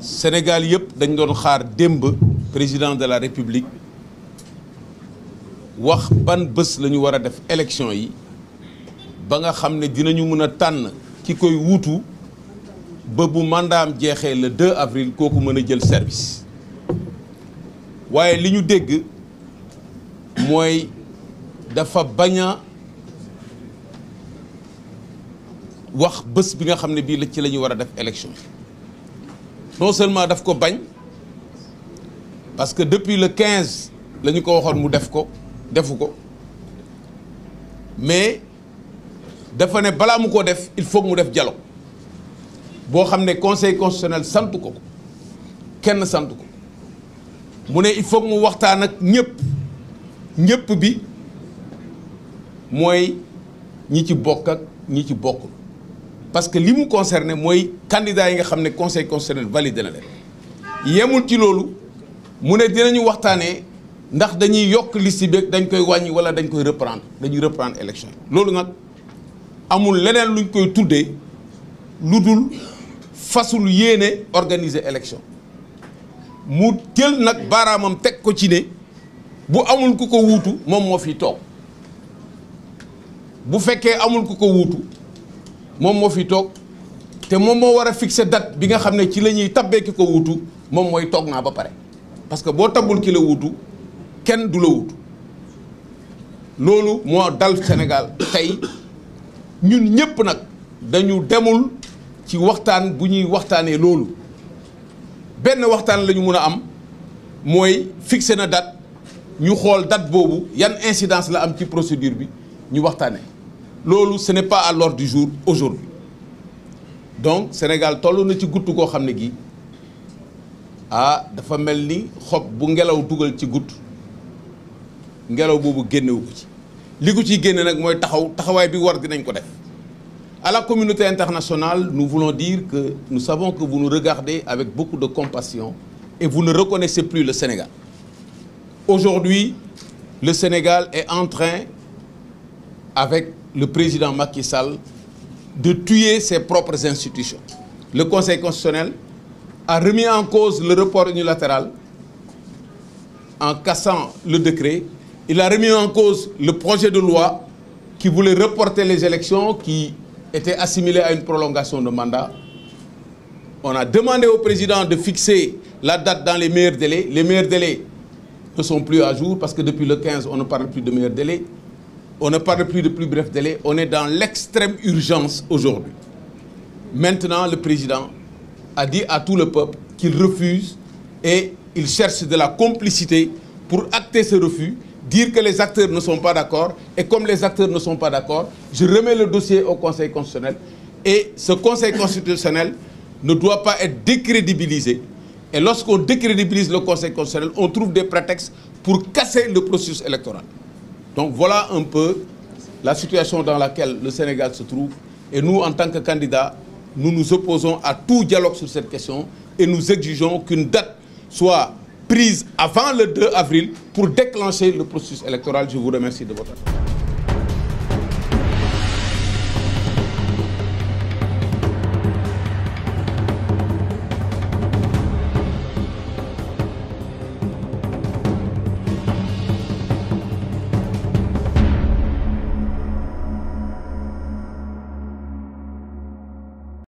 Sénégal yëpp dañ doon xaar démb président de la République wax ban bés lañu ñu war a def élection yi ba nga xam ne dinañu mën a tànn ki koy wuutu ba bu mandaam jeexee la 2 avril kooku mën a jël service waaye li ñu dégg mooy dafa bañ a wax bés bi nga xam ne bii la ci la ñu war a def élection yi non seulement daf ko bagn parce que depuis le 15 la ko waxone mu def ko defu ko mais dafa ne bala mu ko def il faut mu def dialogue bo xamné conseil constitutionnel sant ko kenn sant ko mu né il faut mu waxtaan ak ñëpp ñëpp bi moy ñi ci bok ak ñi ci bokkul parce que li mu concerné mooy candidat yi nga xam conseil concerné validé na leen yemul ci lolu mu ne dinañu waxtaanee ndax dañuy yokk liste beeg dañ koy wàññi wala dañ koy reprendre dañuy reprendre élection yi loolu nag amul leneen luñ koy tuddee lu dul fasul organiser élection mu jël nag baaraamam teg ko ci ne bu amul kuko ko wuutu moom moo fi toog bu fekkee amul kuko ko moom moo fi toog te moom moo war a fixer date bi nga xam ne ci la ñuy tabbee ki ko wutu moom mooy toog naa ba pare parce que boo tabul kilo la kenn du la wuutu loolu moo dal Sénégal tey ñun ñëpp nag dañu demul ci waxtaan bu ñuy waxtaanee loolu benn waxtaan la ñu mun a am mooy fixer na date ñu xool dat boobu yan incidence la am ci procédure bi ñu waxtaanee. loolu ce n'est pas à l'ordre du jour aujourd'hui donc Sénégal tout le monde est ko train de gi ah dafa melni bu ngelaw ci ngelaw bobu ci li ko ci génne nak moy taxaw taxaway bi war dinañ ko def à la communauté internationale nous voulons dire que nous savons que vous nous regardez avec beaucoup de compassion et vous ne reconnaissez plus le Sénégal aujourd'hui le Sénégal est en train avec le président Macky Sall de tuer ses propres institutions. Le Conseil constitutionnel a remis en cause le report unilatéral en cassant le décret. Il a remis en cause le projet de loi qui voulait reporter les élections qui était assimilé à une prolongation de mandat. On a demandé au président de fixer la date dans les meilleurs délais. Les meilleurs délais ne sont plus à jour parce que depuis le 15, on ne parle plus de meilleurs délais on ne parle plus de plus bref délai, on est dans l'extrême urgence aujourd'hui. Maintenant, le président a dit à tout le peuple qu'il refuse et il cherche de la complicité pour acter ce refus, dire que les acteurs ne sont pas d'accord. Et comme les acteurs ne sont pas d'accord, je remets le dossier au Conseil constitutionnel. Et ce Conseil constitutionnel ne doit pas être décrédibilisé. Et lorsqu'on décrédibilise le Conseil constitutionnel, on trouve des prétextes pour casser le processus électoral. Donc voilà un peu la situation dans laquelle le Sénégal se trouve. Et nous, en tant que candidats, nous nous opposons à tout dialogue sur cette question et nous exigeons qu'une date soit prise avant le 2 avril pour déclencher le processus électoral. Je vous remercie de votre attention.